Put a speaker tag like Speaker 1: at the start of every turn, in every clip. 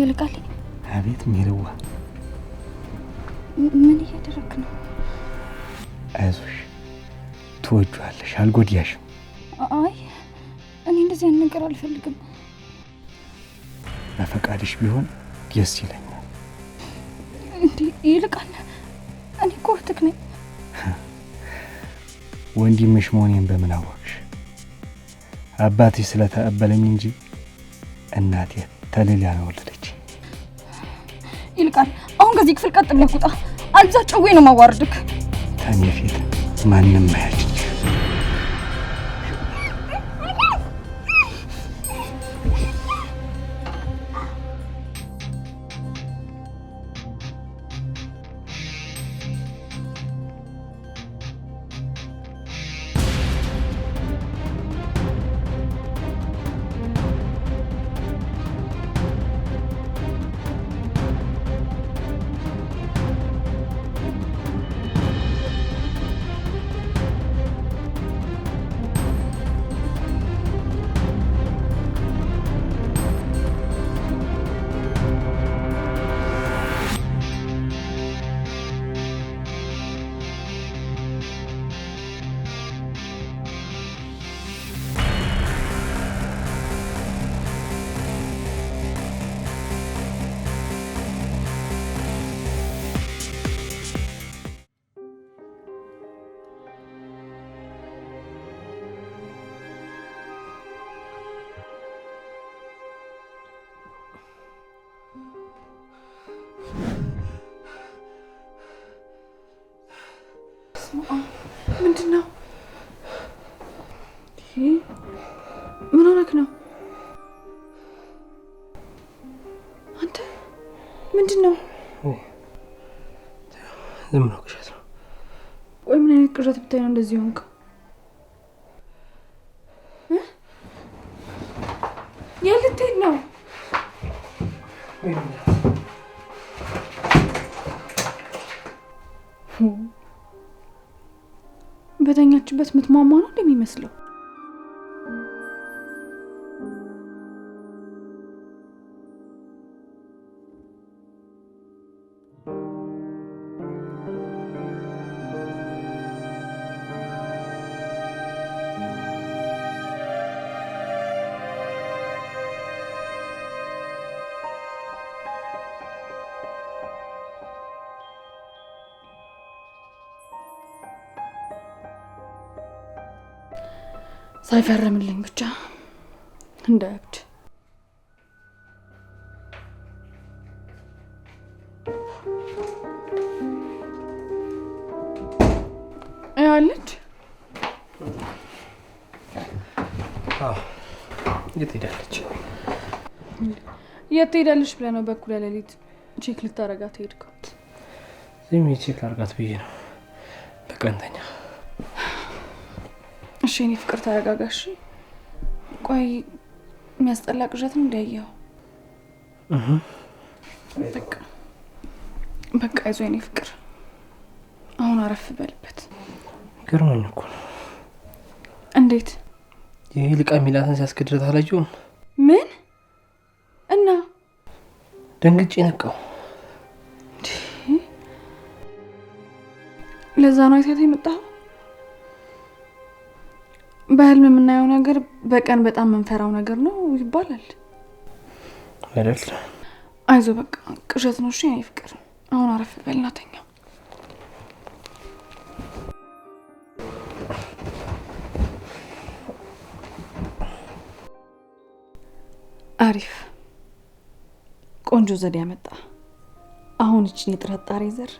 Speaker 1: ይልቃል።
Speaker 2: አቤት ሜልዋ፣
Speaker 1: ምን እያደረክ ነው?
Speaker 2: አይዞሽ፣ ትወጇለሽ፣ አልጎዳሽም።
Speaker 1: አይ እኔ እንደዚህ አይነት ነገር አልፈልግም።
Speaker 2: በፈቃድሽ ቢሆን ደስ ይለኛል።
Speaker 1: እንዴ ይልቃል፣ እኔ እኮ እህትህ ነኝ።
Speaker 2: ወንድምሽ መሆኔን በምን አወቅሽ? አባቴ ስለተቀበለኝ እንጂ እናቴ ተልላ ነው
Speaker 1: ይልቃል አሁን ከዚህ ክፍል ቀጥ ብለህ ውጣ። አልዛ ጨዌ ነው ማዋርድክ።
Speaker 2: ከኔ ፊት ማንም አያል
Speaker 1: ምን ሆነክ ነው አንተ? ምንድን ነው?
Speaker 2: ዝም ነው ቅዠት ነው።
Speaker 1: ቆይ ምን አይነት ቅዠት ብታይ ነው እንደዚህ ሆንክ? የት ልትሄድ ነው? በተኛችበት ምትሟሟ ነው እንደሚመስለው ሳይፈርምልኝ ብቻ እንዳያብድ ያለች የት ሄዳለች? የት ሄዳለች ብለህ ነው በኩል ሌሊት ቼክ ልታረጋት ሄድከው?
Speaker 2: ቼክ ላርጋት ብዬ ነው በቀንተኛ
Speaker 1: እኔ ፍቅር ተረጋጋሽ። ቆይ የሚያስጠላ ቅዠት ነው እንዲያየው። በቃ ይዞ የኔ ፍቅር አሁን አረፍ በልበት።
Speaker 2: ገርሞኝ እኮ ነው። እንዴት ይህ ልቃ ሚላትን ሲያስገድረት አላየውም።
Speaker 1: ምን እና
Speaker 2: ደንግጬ ነቃው።
Speaker 1: ለዛ ነው አይታት የመጣኸው? በህልም የምናየው ነገር በቀን በጣም የምንፈራው ነገር ነው ይባላል አይደል? አይዞ በቃ ቅዠት ነው። እሺ የኔ ፍቅር አሁን አረፍ በልና አሪፍ ቆንጆ ዘዴ ያመጣ። አሁን እችን የጥርጣሬ ዘር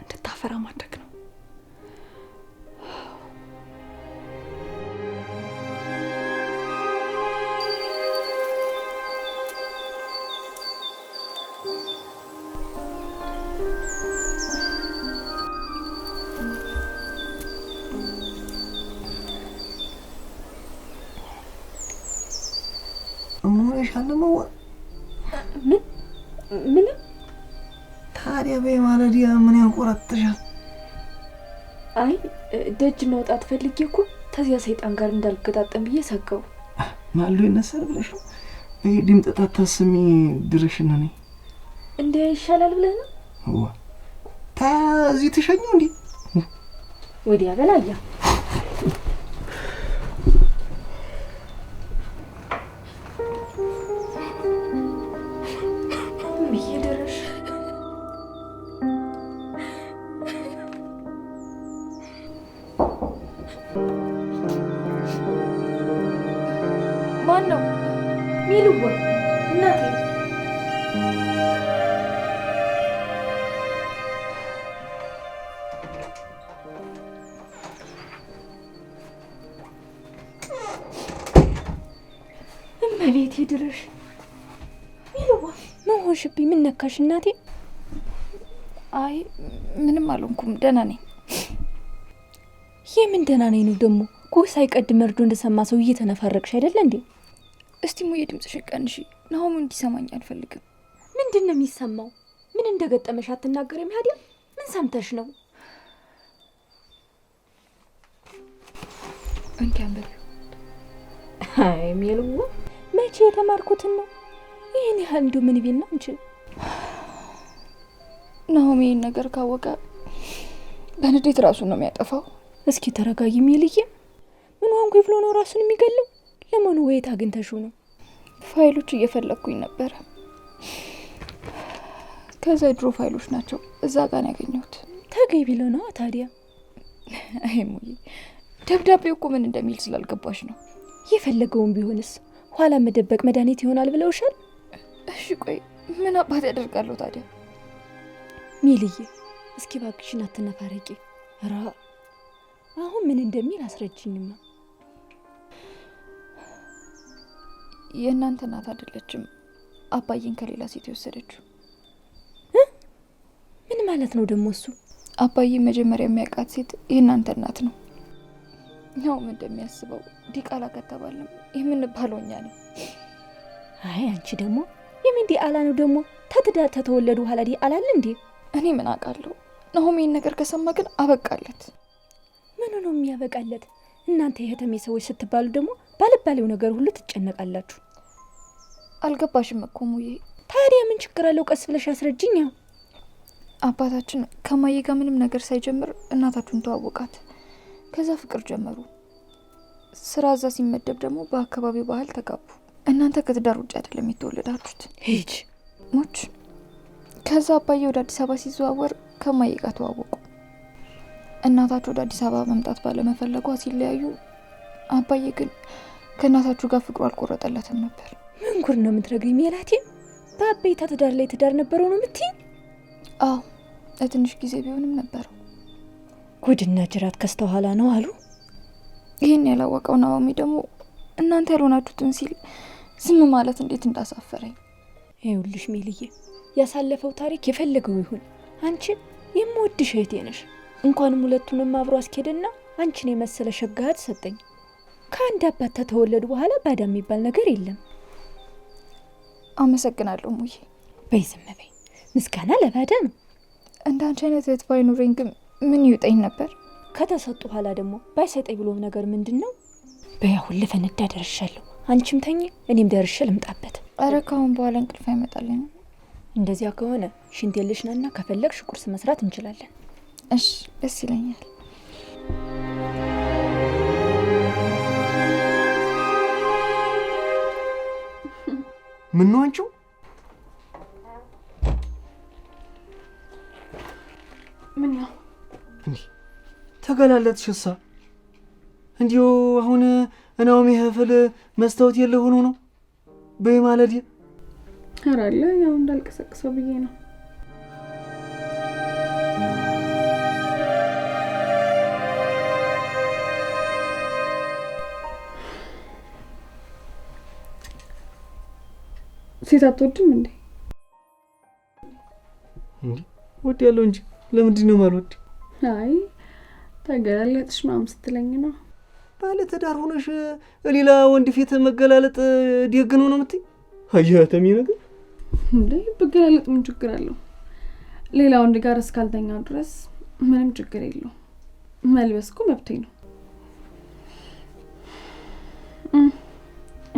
Speaker 1: እንድታፈራ ማድረግ ነው።
Speaker 2: ጨርሰሻል? መዋል
Speaker 1: ምን ምንም።
Speaker 2: ታዲያ በይ ማለዲ ምን ያንቆራጥሻል?
Speaker 1: አይ ደጅ መውጣት ፈልጌ እኮ ተዚያ ሰይጣን ጋር እንዳልገጣጠም ብዬ ሰጋው።
Speaker 2: ማሉ ይነሳል ብለሽ ይህ ድምጠታት ታስሚ ድርሽን ነኝ
Speaker 1: እንደ ይሻላል ብለህ ነው?
Speaker 2: ዋ እዚህ ተሸኘው
Speaker 1: ወዲያ በላያ hier አለሽ እናቴ? አይ ምንም አልሆንኩም፣ ደህና ነኝ። ይህ ምን ደህና ነኝ ነው ደግሞ? ጎህ ሳይቀድም መርዶ እንደሰማ ሰው እየተነፋረቅሽ አይደለ እንዴ? እስቲ ሙዬ ድምፅሽን ቀንሺ፣ ናሆሙ እንዲሰማኝ አልፈልግም። ምንድን ነው የሚሰማው? ምን እንደገጠመሽ አትናገሪም? ሀዲያ ምን ሰምተሽ ነው? እንዲያም በሉ አይ መቼ የተማርኩትን ነው ይህን ያህል እንዲሁ ምን ቢል ነው እንችል ናሆም ይህን ነገር ካወቀ በንዴት ራሱን ነው የሚያጠፋው። እስኪ ተረጋጊ ሚልዬ። ምን ዋንኩ ብሎ ነው ራሱን የሚገለው? ለመሆኑ ወየት አግኝተሽው ነው? ፋይሎች እየፈለግኩኝ ነበረ። ከዛ ድሮ ፋይሎች ናቸው እዛ ጋር ያገኘሁት። ተገቢ ብሎ ነው ታዲያ። አይ ደብዳቤው እኮ ምን እንደሚል ስላልገባሽ ነው። የፈለገውን ቢሆንስ ኋላ መደበቅ መድኃኒት ይሆናል ብለውሻል? እሺ ቆይ ምን አባት ያደርጋለሁ ታዲያ ሚልዬ እስኪ ባክሽን አትነፋረቂ። ራ አሁን ምን እንደሚል አስረጅኝማ። የእናንተ እናት አይደለችም አባዬን ከሌላ ሴት የወሰደችው። ምን ማለት ነው ደግሞ እሱ? አባዬ መጀመሪያ የሚያውቃት ሴት የእናንተ እናት ነው። ያውም እንደሚያስበው ዲቃላ ከተባለም የምንባለው እኛ ነው። አይ አንቺ ደግሞ የምን ዲቃላ ነው ደግሞ ተትዳ ተተወለዱ ኋላ ዲቃላ አለ እንዴ? እኔ ምን አውቃለሁ። ናሆሜን ነገር ከሰማ ግን አበቃለት። ምኑ ነው የሚያበቃለት? እናንተ የህተሜ ሰዎች ስትባሉ ደግሞ ባልባሌው ነገር ሁሉ ትጨነቃላችሁ። አልገባሽም እኮ ሙዬ። ታዲያ ምን ችግር አለው? ቀስ ብለሽ አስረጅኝ። አባታችን ከማዬ ጋር ምንም ነገር ሳይጀምር እናታችሁን ተዋወቃት። ከዛ ፍቅር ጀመሩ። ስራ እዛ ሲመደብ ደግሞ በአካባቢው ባህል ተጋቡ። እናንተ ከትዳር ውጭ አይደለም የተወለዳችሁት። ሂጅ ሞች ከዛ አባዬ ወደ አዲስ አበባ ሲዘዋወር ከማዬ ጋር ተዋወቁ። እናታቸው ወደ አዲስ አበባ መምጣት ባለመፈለጓ ሲለያዩ፣ አባዬ ግን ከእናታችሁ ጋር ፍቅሩ አልቆረጠለትም ነበር። ምን ጉድ ነው የምትነግሪኝ ሜላቴ? በአቤታ ትዳር ላይ ትዳር ነበረው ነው የምትይኝ? አዎ ለትንሽ ጊዜ ቢሆንም ነበረው። ጉድና ጅራት ከስተኋላ ነው አሉ። ይህን ያላወቀው ናኦሚ ደግሞ እናንተ ያልሆናችሁትን ሲል ዝም ማለት እንዴት እንዳሳፈረኝ ይኸውልሽ ሚልዬ፣ ያሳለፈው ታሪክ የፈለገው ይሁን፣ አንቺ የምወድሽ እህቴ ነሽ። እንኳንም ሁለቱንም አብሮ አስኬድና አንቺን የመሰለ ሸጋህት ሰጠኝ። ከአንድ አባት ተተወለዱ በኋላ ባዳ የሚባል ነገር የለም። አመሰግናለሁ ሙዬ። በይ ዝም በይ፣ ምስጋና ለባዳ ነው። እንደ አንቺ አይነት እህት ባይኖረኝ ግን ምን ይውጠኝ ነበር? ከተሰጡ በኋላ ደግሞ ባይሰጠኝ ብሎ ነገር ምንድን ነው? በይ አሁን ልፈነዳ ደርሻለሁ። አንቺም ተኝ፣ እኔም ደርሼ ልምጣበት። ኧረ ካሁን በኋላ እንቅልፍ አይመጣልኝ። እንደዚያ ከሆነ ሽንት የለሽ ነና ከፈለግሽ ቁርስ መስራት እንችላለን። እሺ ደስ ይለኛል። ምን ነው አንቺው? ምን ነው
Speaker 2: ተገላለጥሽ? እሳ እንዲሁ አሁን እናውም ይህፍል መስታወት የለ ሆኖ ነው በይ ማለድ
Speaker 1: ኧረ አለ ያው እንዳልቀሰቅሰው ብዬ ነው። ሴት አትወድም እንዴ?
Speaker 2: ወድ ያለው እንጂ ለምንድን ነው የማልወድ?
Speaker 1: አይ ተገላለጥሽ ምናምን ስትለኝ ነው
Speaker 2: ባለ ትዳር ሆነሽ ሌላ ወንድ ፊት መገላለጥ ደግ ነው ነው የምትይ? አያተሚ ነገር
Speaker 1: እንዴ በገላለጥ ምን ችግር አለው? ሌላ ወንድ ጋር እስካልተኛው ድረስ ምንም ችግር የለው። መልበስ እኮ መብቴ ነው።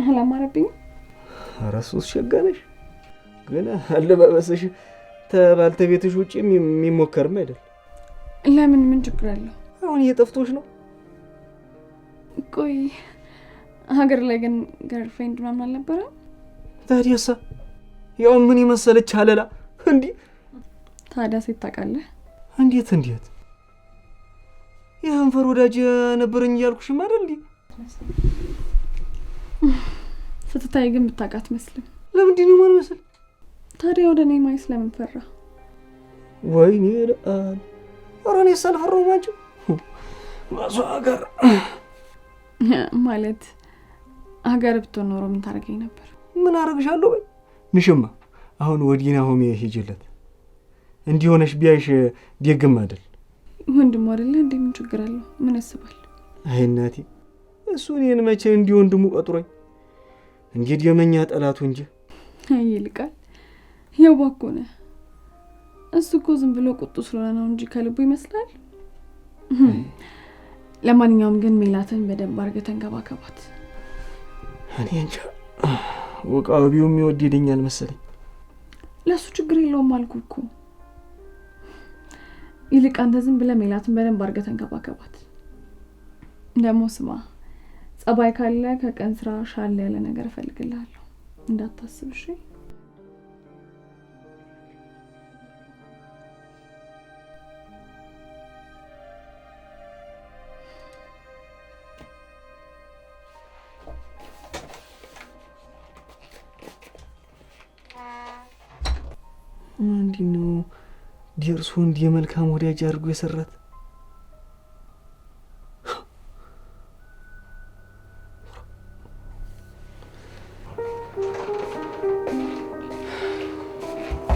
Speaker 1: አላማረብኝም።
Speaker 2: ኧረ ሶስት ሸጋ ግን ተባልተ ቤትሽ ውጭ የሚሞከርም አይደል።
Speaker 1: ለምን ምን ችግር አለው?
Speaker 2: አሁን እየጠፍቶች ነው
Speaker 1: ቆይ ሀገር ላይ ግን ገርልፍሬንድ ምናምን አልነበረ?
Speaker 2: ታዲያሳ ያው ምን የመሰለች አለላ እንዲህ።
Speaker 1: ታዲያ ሴት ታውቃለህ?
Speaker 2: እንዴት እንዴት የህንፈር ወዳጅ ነበረኝ እያልኩሽም አይደል? እንዲህ
Speaker 1: ስትታይ ግን ብታውቃት መስልም።
Speaker 2: ለምንድን ነው ማልመስል?
Speaker 1: ታዲያ ወደ እኔ ማየት ስለምን ፈራ?
Speaker 2: ወይኔ ኧረ እኔስ አልፈራሁም አንቺ መሷ ሀገር
Speaker 1: ማለት ሀገር ብትሆን ኖሮ ምን ታደርገኝ ነበር?
Speaker 2: ምን አደርግሻለሁ? ወይ ንሽማ አሁን ወዲና ሆሜ ሂጅለት እንዲህ ሆነሽ ቢያይሽ ደግም አይደል?
Speaker 1: ወንድሙ አይደለ እንዴ? ምን ችግር አለው? ምን ያስባል?
Speaker 2: አይ እናቴ፣ እሱ እኔን መቼ እንዲህ ወንድሙ ቀጥሮኝ እንግዲህ የመኛ ጠላቱ እንጂ
Speaker 1: ይልቃል። የዋ እኮ ነህ። እሱ እኮ ዝም ብሎ ቁጡ ስለሆነ ነው እንጂ ከልቡ ይመስላል። ለማንኛውም ግን ሜላትን በደንብ አድርገህ ተንከባከባት።
Speaker 2: እኔ እንጃ ወቃቢው የሚወድ ይደኛል መሰለኝ።
Speaker 1: ለእሱ ችግር የለውም አልኩ እኮ። ይልቅ አንተ ዝም ብለህ ሜላትን በደንብ አድርገህ ተንከባከባት። ደግሞ ስማ፣ ጸባይ ካለ ከቀን ስራ ሻለ ያለ ነገር እፈልግልሃለሁ እንዳታስብ፣ እሺ?
Speaker 2: እንዲህ ነው ደርሶ እንዲህ የመልካም ወዳጅ አድርጎ የሰራት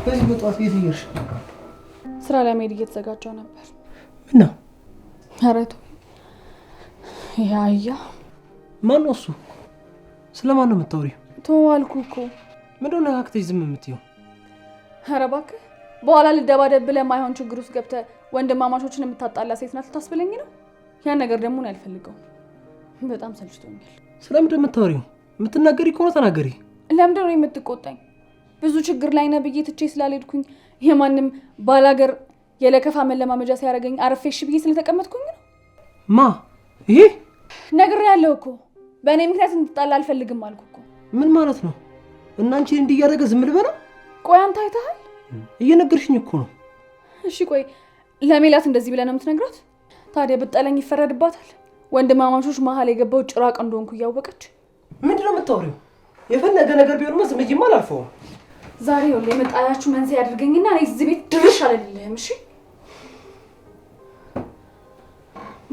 Speaker 2: በዚህ በጠዋት ቤት እየሄድሽ
Speaker 1: ስራ ለመሄድ እየተዘጋጀው ነበር። ምን ነው? ኧረ ተወው።
Speaker 2: ማን ነው እሱ? ስለማን ነው የምታወሪው?
Speaker 1: ተወው እኮ።
Speaker 2: ምንድን ነው ነካክተሽ ዝም የምትይው?
Speaker 1: ኧረ እባክህ በኋላ ልደባደብ ብለህ ማይሆን ችግር ውስጥ ገብተህ ወንድማማቾችን የምታጣላ ሴት ናት ልታስብለኝ ነው። ያን ነገር ደግሞ ነው ያልፈልገው። በጣም ሰልችቶኛል።
Speaker 2: ስለምንድን ነው የምታወሪው? የምትናገሪ ከሆነ ተናገሪ።
Speaker 1: ለምንድን ነው የምትቆጣኝ? ብዙ ችግር ላይ ነህ ብዬ ትቼ ስላልሄድኩኝ የማንም ባላገር የለከፋ መለማመጃ ሲያደርገኝ አረፌሽ ብዬ ስለተቀመጥኩኝ ነው።
Speaker 2: ማ ይሄ
Speaker 1: ነገር ያለው እኮ በእኔ ምክንያት እንድጣላ አልፈልግም አልኩ እኮ።
Speaker 2: ምን ማለት ነው? እና አንቺን እንዲህ እያደረገ ዝም ልበለው
Speaker 1: ቆይ አንተ አይተሃል?
Speaker 2: እየነገርሽኝ እኮ ነው።
Speaker 1: እሺ ቆይ ለሜላት እንደዚህ ብለህ ነው የምትነግራት? ታዲያ ብጠለኝ ይፈረድባታል። ወንድማማቾች መሀል የገባው ጭራቅ እንደሆንኩ እያወቀች
Speaker 2: ምንድን ነው የምታወሪው? የፈለገ ነገር ቢሆንማ ዝም ብዬማ አላልፈውም።
Speaker 1: ዛሬ ሁሌ የመጣያችሁ መንስኤ ያድርገኝና እኔ እዚህ ቤት ድርሽ አልልህም። እሺ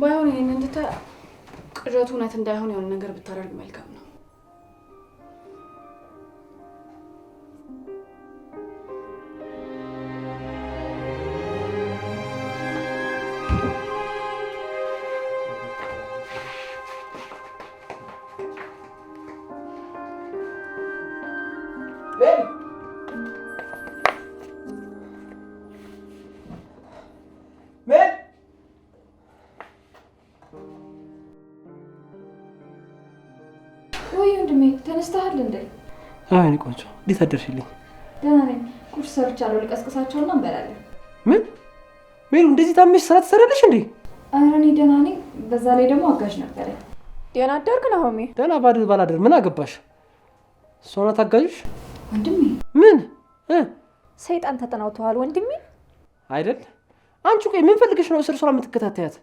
Speaker 1: ባይሆን ይህን እንድታ ቅዠቱ እውነት እንዳይሆን የሆነ ነገር ብታደርግ መልካም ወይ ወንድሜ ተነስተሃል እንዴ?
Speaker 2: አዎ የእኔ ቆንጆ እንዴት አደርሽልኝ?
Speaker 1: ደህና ነኝ። ቁርስ ሰርቻለሁ። ልቀስቅሳቸውና እንበላለን።
Speaker 2: ምን ሜሉ እንደዚህ ታመሽ ስራ ትሰራለሽ እንዴ?
Speaker 1: ኧረ እኔ ደህና ነኝ። በዛ ላይ ደግሞ አጋዥ ነበረ ደህና አደርክ ናሆሜ?
Speaker 2: ደህና ባድር ባላደር ምን አገባሽ? እሷ ናት አጋዥሽ? ወንድሜ ምን
Speaker 1: ሰይጣን ተጠናውተዋል? ወንድሜ
Speaker 2: አይደል? አንቺ ቆይ ምን ፈልገሽ ነው እስር ስራ የምትከታተያት?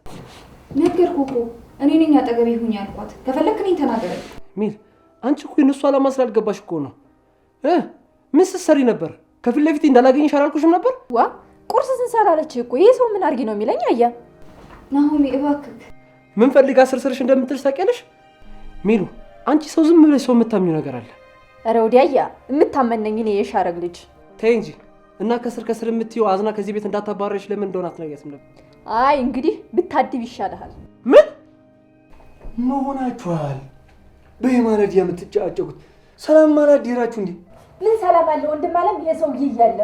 Speaker 1: ነገርኩህ እኮ እኔ ነኝ አጠገቤ ይሁን ያልኳት። ከፈለክ እኔን ተናገረኝ
Speaker 2: ሚል አንቺ እኮ የእነሱ ዓላማ ስላልገባሽ እኮ ነው። ምን ስትሰሪ ነበር? ከፊት ለፊት እንዳላገኝሽ አላልኩሽም ነበር?
Speaker 1: ዋ ቁርስ ስንሰራለች እኮ ይህ ሰው ምን አድርጊ ነው የሚለኝ? አያ ናሆሚ እባክህ
Speaker 2: ምን ፈልጋ ስርስርሽ እንደምትልሽ ታውቂያለሽ? ሚሉ አንቺ ሰው ዝም ብለሽ ሰው የምታምኚው ነገር አለ
Speaker 1: ኧረ ወዲያያ የምታመነኝ እኔ የሻረግ ልጅ
Speaker 2: ተይ እንጂ እና ከስር ከስር የምትይው አዝና ከዚህ ቤት እንዳታባረች ለምን እንደሆነ አትነግሪያትም ነበር?
Speaker 1: አይ እንግዲህ ብታድብ ይሻልሃል።
Speaker 2: ምን መሆናችኋል? በየማለድ የምትጫጨቁት ሰላም ማላድ ሄራችሁ እንዴ?
Speaker 1: ምን ሰላም አለ ወንድም አለም ይሄ ሰውዬ እያለ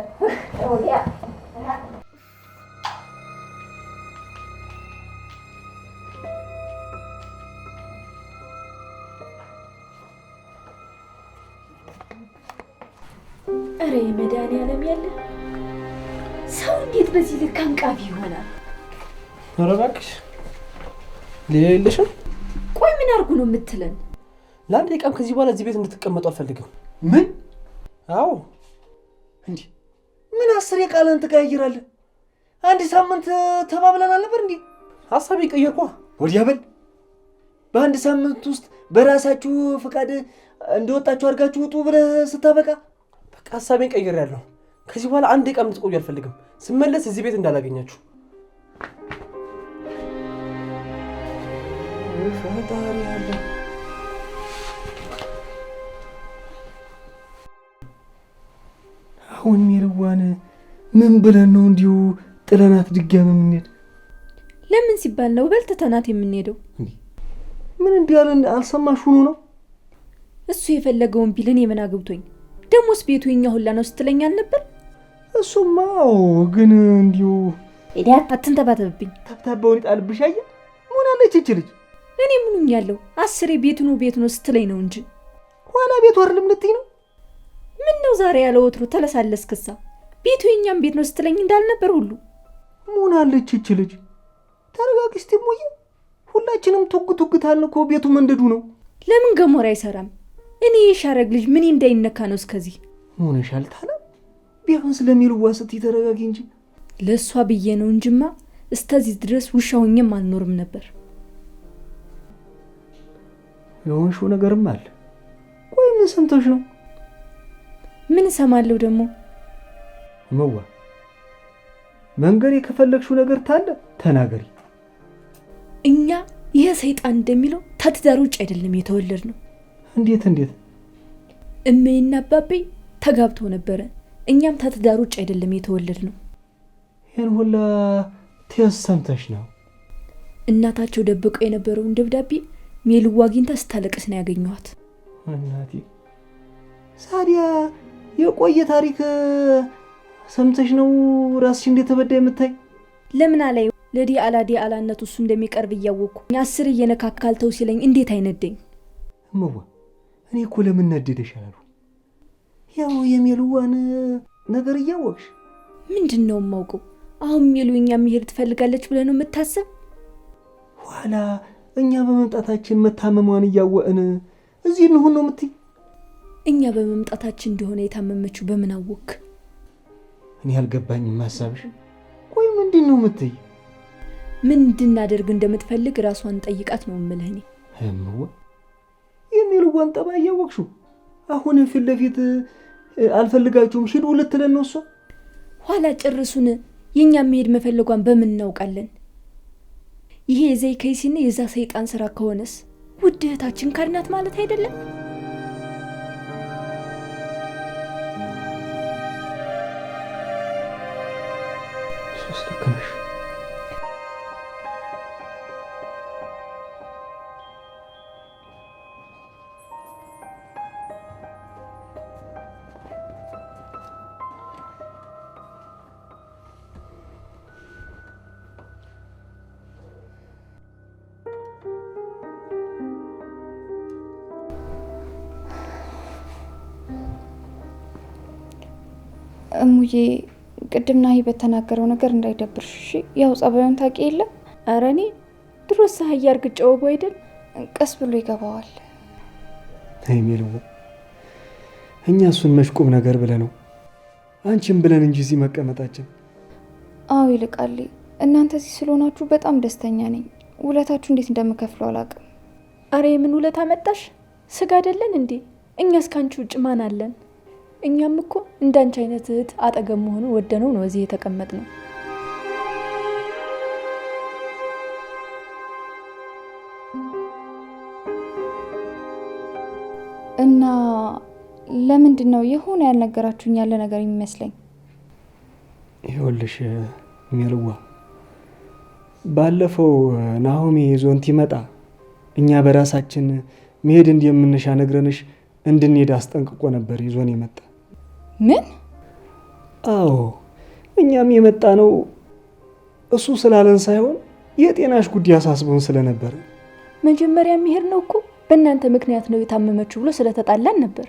Speaker 1: እረ የመድኃኒዓለም ያለ ሰው እንዴት በዚህ ልክ አንቃቢ ይሆናል?
Speaker 2: ኧረ እባክሽ ሌላ የለሽም።
Speaker 1: ቆይ ምን አድርጉ ነው የምትለን?
Speaker 2: ለአንድ ደቂቃም ከዚህ በኋላ እዚህ ቤት እንድትቀመጡ አልፈልግም። ምን? አዎ እንዲህ ምን አስር የቃለን ትቀያይራለን? አንድ ሳምንት ተባብለን አልነበር? እንዲህ ሀሳብ ይቀየርኳ ወዲያ በል በአንድ ሳምንት ውስጥ በራሳችሁ ፈቃድ እንደወጣችሁ አድርጋችሁ ውጡ ብለህ ስታበቃ ሀሳቤን ያለው ከዚህ በኋላ አንድ ቀን ልትቆዩ አልፈልግም። ስመለስ እዚህ ቤት እንዳላገኛችሁ። ፈጣሪ አለ። አሁን ሜልዋን ምን ብለን ነው እንዲሁ ጥለናት ድጋሚ የምንሄድ?
Speaker 1: ለምን ሲባል ነው በል ትተናት የምንሄደው?
Speaker 2: ምን እንዲህ ያለን አልሰማሽ ሆኖ ነው
Speaker 1: እሱ የፈለገውን ቢልን የምን አግብቶኝ ደሞስ ቤቱ የኛ ሁላ ነው ስትለኝ አልነበር?
Speaker 2: እሱማ ግን እንዲሁ
Speaker 1: ኤዲያ፣ አትንተባተብብኝ።
Speaker 2: ተብታባውን ይጣልብሽ። አየህ ምን አለች ይቺ ልጅ?
Speaker 1: እኔ ምኑኝ ያለው አስሬ ቤት ነው ቤት ነው ስትለኝ ነው እንጂ
Speaker 2: ኋላ ቤቱ አይደለም ልትይ ነው።
Speaker 1: ምን ነው ዛሬ ያለ ወትሮ ክሳ ቤቱ የኛም ቤት ነው ስትለኝ እንዳልነበር ሁሉ
Speaker 2: ምን አለች ይቺ ልጅ? ተረጋግስቲ ሙዬ። ሁላችንም ቱግ ቱግ ታልን እኮ ቤቱ መንደዱ ነው።
Speaker 1: ለምን ገሞራ አይሰራም? እኔ የሻረግ ልጅ ምን እንዳይነካ ነው እስከዚህ
Speaker 2: ሆነሻል። ታላ ቢያንስ ስለሚልዋ ስትይ ተረጋጊ እንጂ
Speaker 1: ለእሷ ብዬ ነው እንጅማ እስከዚህ ድረስ ውሻ ሆኜም አልኖርም ነበር።
Speaker 2: የሆንሽው ነገርም አለ። ቆይ ምን ሰምተሽ ነው?
Speaker 1: ምን እሰማለሁ ደግሞ
Speaker 2: መዋ መንገድ ከፈለግሽው ነገር ታለ ተናገሪ።
Speaker 1: እኛ ይህ ሰይጣን እንደሚለው ተትዳር ውጭ አይደለም የተወለድ ነው እንዴት እንዴት? እሜና አባቤ ተጋብተው ነበረ። እኛም ተትዳር ውጭ አይደለም የተወለድ ነው።
Speaker 2: ይህን ሁላ ቴስ ሰምተሽ ነው?
Speaker 1: እናታቸው ደብቀው የነበረውን ደብዳቤ ሜልዋ አግኝታ ስታለቅስ ነው ያገኘኋት።
Speaker 2: እናቴ ሳዲያ የቆየ ታሪክ ሰምተሽ ነው ራስሽ እንደተበዳ የምታይ?
Speaker 1: ለምን አላይ ለዲ አላ ዲ አላነቱ እሱ እንደሚቀርብ እያወቅኩ አስር እየነካካልተው ሲለኝ እንዴት አይነደኝ
Speaker 2: ምዋ እኔ እኮ ለምን ነደደሽ አሉ። ያው የሚሉዋን ነገር እያወቅሽ
Speaker 1: ምንድን ነው የማውቀው? አሁን ሚሉ እኛ መሄድ ትፈልጋለች ብለህ ነው የምታስብ?
Speaker 2: ኋላ እኛ በመምጣታችን መታመሟን እያወቅን እዚህ እንሁን ነው የምትይ?
Speaker 1: እኛ በመምጣታችን እንደሆነ የታመመችው በምን አወክ?
Speaker 2: እኔ አልገባኝም ሀሳብሽ። ቆይ ምንድን ነው የምትይ?
Speaker 1: ምን እንድናደርግ እንደምትፈልግ ራሷን ጠይቃት ነው የምልህ እኔ
Speaker 2: የልቧን ጠባይ እያወቅሽው አሁንም ፊት ለፊት አልፈልጋችሁም ሂዱ ልትለን ነው እሷ።
Speaker 1: ኋላ ጭርሱን የእኛ መሄድ መፈለጓን በምን እናውቃለን? ይሄ የዘይ ከይሲና የዛ ሰይጣን ስራ ከሆነስ ውድ እህታችን ካድናት ማለት አይደለም። እሙዬ ቅድም ናሂ በተናገረው ነገር እንዳይደብርሽ እሺ። ያው ጸባዩን ታውቂ የለ ኧረ እኔ ድሮ ሳህያ እርግጫ ወጉ አይደል? ቀስ ብሎ ይገባዋል።
Speaker 2: ሚል እኛ እሱን መሽቁም ነገር ብለ ነው አንቺም ብለን እንጂ እዚህ መቀመጣችን።
Speaker 1: አዎ ይልቃል። እናንተ እዚህ ስለሆናችሁ በጣም ደስተኛ ነኝ። ውለታችሁ እንዴት እንደምከፍለው አላውቅም። አረ የምን ውለታ መጣሽ? ስጋ አይደለን እንዴ? እኛ እስካንቺ ውጭ ማን አለን? እኛም እኮ እንዳንቺ አይነት እህት አጠገብ መሆኑ ወደነው ነው እዚህ የተቀመጥ ነው። እና ለምንድን ነው የሆነ ያልነገራችሁኝ ያለ ነገር የሚመስለኝ?
Speaker 2: ይኸውልሽ ሜልዋ፣ ባለፈው ናሆሜ ዞንት ይመጣ እኛ በራሳችን መሄድ እንደምንሻ ነግረንሽ እንድንሄድ አስጠንቅቆ ነበር ይዞን የመጣ ምን? አዎ እኛም የመጣ ነው እሱ ስላለን ሳይሆን የጤናሽ ጉዳይ አሳስቦን ስለነበረ
Speaker 1: መጀመሪያ የሚሄድ ነው እኮ በእናንተ ምክንያት ነው የታመመችው ብሎ ስለተጣላን ነበር።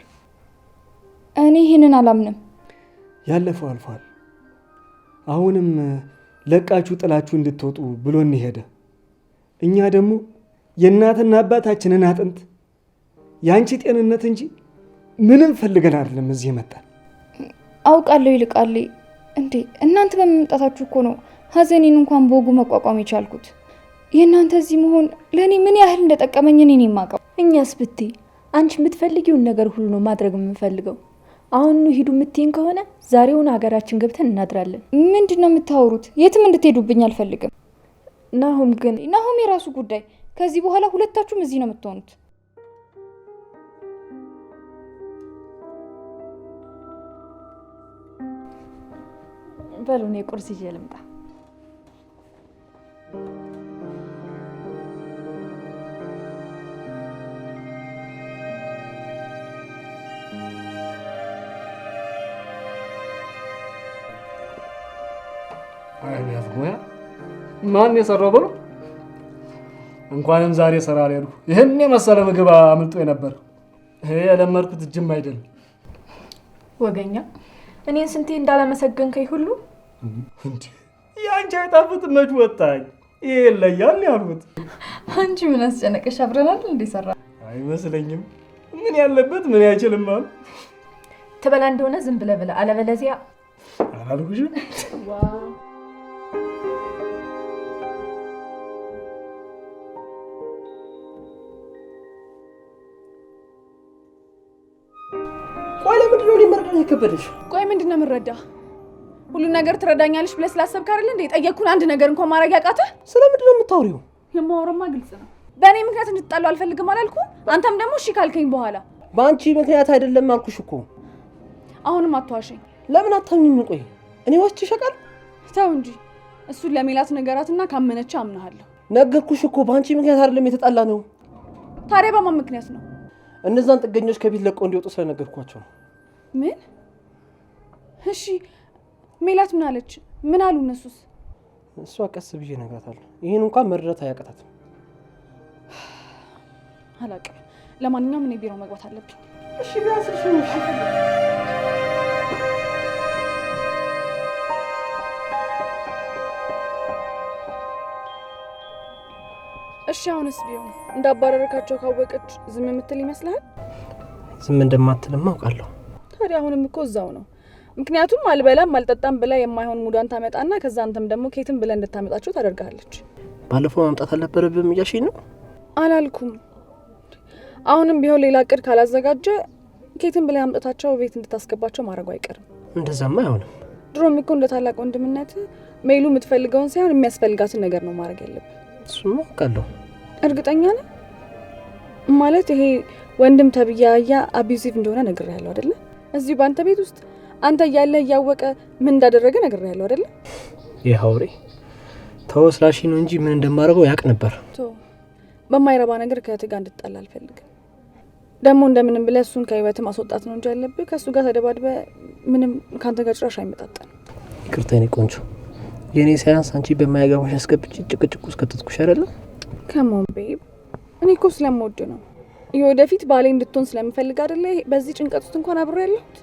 Speaker 1: እኔ ይህንን አላምንም።
Speaker 2: ያለፈው አልፏል። አሁንም ለቃችሁ ጥላችሁ እንድትወጡ ብሎን ሄደ። እኛ ደግሞ የእናትና አባታችንን አጥንት የአንቺ ጤንነት እንጂ ምንም ፈልገን አይደለም እዚህ መጣል
Speaker 1: አውቃለሁ ይልቃሌ እንዴ እናንተ በመምጣታችሁ እኮ ነው ሀዘኔን እንኳን በወጉ መቋቋም የቻልኩት። የእናንተ እዚህ መሆን ለእኔ ምን ያህል እንደጠቀመኝ እኔን የማውቀው። እኛስ ብቴ አንቺ የምትፈልጊውን ነገር ሁሉ ነው ማድረግ የምንፈልገው። አሁኑ ሂዱ የምትይን ከሆነ ዛሬውን ሀገራችን ገብተን እናድራለን። ምንድን ነው የምታወሩት? የትም እንድትሄዱብኝ አልፈልግም። ናሁም ግን ናሁም የራሱ ጉዳይ። ከዚህ በኋላ ሁለታችሁም እዚህ ነው የምትሆኑት። በሉ እኔ ቁርስ ይዤ ልምጣ።
Speaker 2: ማን የሰራው ብሎ እንኳንም ዛሬ ስራ ላይ ይህን የመሰለ ምግብ አምልጦ የነበር ይሄ የለመድኩት እጅም አይደለም።
Speaker 1: ወገኛ እኔን ስንቴ እንዳላመሰገንከኝ ሁሉ
Speaker 2: የአንቺ አይጣፍጥ መች ወጣኝ። ይሄ ለያን ያሉት
Speaker 1: አንቺ ምን አስጨነቀሽ? አብረናል እንዴ ሰራ
Speaker 2: አይመስለኝም። ምን ያለበት ምን አይችልም አሉ
Speaker 1: ትበላ እንደሆነ ዝም ብለህ ብለህ አለበለዚያ
Speaker 2: አላልኩሽም? ቆይ ለምንድነው እኔ መረዳት የከበደሽ?
Speaker 1: ቆይ ምንድነው የምረዳ ሁሉን ነገር ትረዳኛለሽ ብለህ ስላሰብክ አይደል እንዴ የጠየቅኩን አንድ ነገር እንኳን ማድረግ ያቃተህ?
Speaker 2: ስለምንድን ነው የምታወሪው?
Speaker 1: የማወራማ ግልጽ ነው። በእኔ ምክንያት እንድትጣሉ አልፈልግም አላልኩ? አንተም ደግሞ እሺ ካልከኝ በኋላ
Speaker 2: በአንቺ ምክንያት አይደለም አልኩሽ እኮ።
Speaker 1: አሁንም አትዋሸኝ።
Speaker 2: ለምን አታምኝም? ቆይ እኔ ወስች ይሸቃል።
Speaker 1: ተው እንጂ እሱን ለሜላት ነገራትና ካመነች አምናሃለሁ።
Speaker 2: ነገርኩሽ እኮ በአንቺ ምክንያት አይደለም የተጣላ ነው።
Speaker 1: ታዲያ በማን ምክንያት ነው?
Speaker 2: እነዛን ጥገኞች ከቤት ለቀው እንዲወጡ ስለነገርኳቸው ነው።
Speaker 1: ምን? እሺ ሜላት ምን አለች? ምን አሉ እነሱስ?
Speaker 2: እሷ ቀስ ብዬ እነግራታለሁ። ይህን እንኳን መረዳት አያቅታትም።
Speaker 1: አላቅም። ለማንኛውም እኔ ቢሮ መግባት አለብኝ። እሺ ቢያንስ እሺ እሺ አሁንስ ቢሆን እንዳባረርካቸው ካወቀች ዝም የምትል ይመስልሃል?
Speaker 2: ዝም እንደማትልም አውቃለሁ።
Speaker 1: ታዲያ አሁንም እኮ እዛው ነው። ምክንያቱም አልበላም አልጠጣም ብላ የማይሆን ሙዳን ታመጣና ከዛ አንተም ደግሞ ኬትም ብለ እንድታመጣቸው ታደርጋለች።
Speaker 2: ባለፈው መምጣት አልነበረብም እያልሽ ነው?
Speaker 1: አላልኩም። አሁንም ቢሆን ሌላ እቅድ ካላዘጋጀ ኬትም ብለ ያምጣታቸው ቤት እንድታስገባቸው ማድረጉ አይቀርም።
Speaker 2: እንደዛማ አይሆንም።
Speaker 1: ድሮም እኮ እንደ ታላቅ ወንድምነት ሜሉ የምትፈልገውን ሳይሆን የሚያስፈልጋትን ነገር ነው ማድረግ ያለብ።
Speaker 2: እሱማ አውቃለሁ።
Speaker 1: እርግጠኛ ነ ማለት ይሄ ወንድም ተብያያ አቢዩሲቭ እንደሆነ ያለው አይደለ? እዚሁ በአንተ ቤት ውስጥ አንተ እያለ እያወቀ ምን እንዳደረገ ነገር ያለው አይደለ?
Speaker 2: ይህ አውሬ ተወስላሽ ነው እንጂ ምን እንደማደርገው ያውቅ ነበር።
Speaker 1: በማይረባ ነገር ከእህትህ ጋር እንድትጣላ አልፈልግም። ደግሞ እንደምንም ብለህ እሱን ከህይወት ማስወጣት ነው እንጂ ያለብህ ከእሱ ጋር ተደባድበህ ምንም ከአንተ ጋር ጭራሽ አይመጣጠንም።
Speaker 2: ይቅርታ የኔ ቆንጆ፣ የእኔ ሳያንስ አንቺ በማያገባሽ ያስገብቼ ጭቅጭቁ እስከተትኩሽ አይደለም።
Speaker 1: ከሞን ቤብ፣ እኔ እኮ ስለምወድ ነው የወደፊት ባሌ እንድትሆን ስለምፈልግ አይደለ በዚህ ጭንቀት ውስጥ እንኳን አብሬ ያለሁት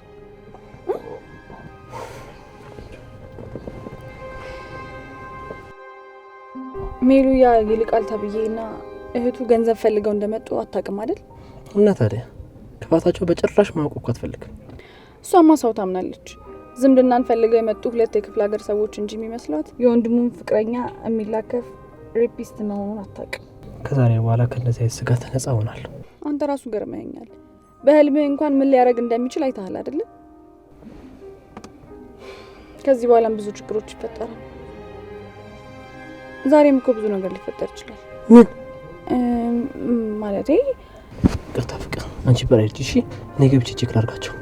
Speaker 1: ሜሉ ያ ይልቃል ተብዬና እህቱ ገንዘብ ፈልገው እንደመጡ አታውቅም አይደል?
Speaker 2: እና ታዲያ ክፋታቸው በጭራሽ ማወቅ እኮ አትፈልግም።
Speaker 1: እሷማ ሰው ታምናለች። ዝምድናን ፈልገው የመጡ ሁለት የክፍለ ሀገር ሰዎች እንጂ የሚመስሏት የወንድሙን ፍቅረኛ የሚላከፍ ሬፒስት መሆኑን አታውቅም።
Speaker 2: ከዛሬ በኋላ ከእነዚህ አይነት ስጋት ነጻ
Speaker 1: አንተ ራሱ ገርመኛል። በህልምህ እንኳን ምን ሊያደርግ እንደሚችል አይተሃል አይደለም? ከዚህ በኋላም ብዙ ችግሮች ይፈጠራል። ዛሬም እኮ ብዙ ነገር ሊፈጠር ይችላል። ምን ማለቴ?
Speaker 2: ቅርታ ፍቅር፣ አንቺ በራይድ እሺ። እኔ ገብቼ ቼክ ላድርጋቸው።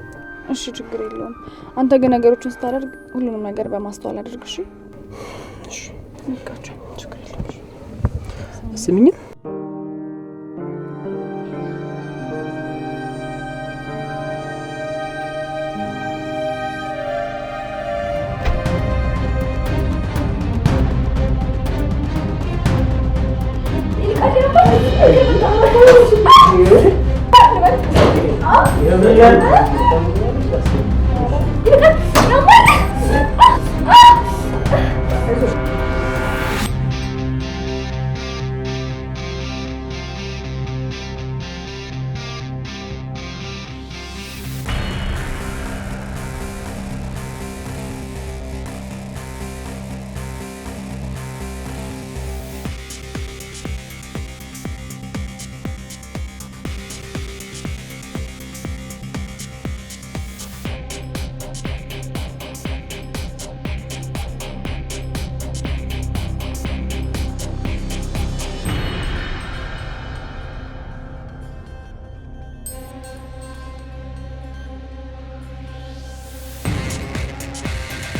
Speaker 1: እሺ፣ ችግር የለውም። አንተ ግን ነገሮችን ስታደርግ ሁሉንም ነገር በማስተዋል አድርግ። እሺ፣
Speaker 2: እሺ። ችግር የለውም። ስሚኝም Yeah.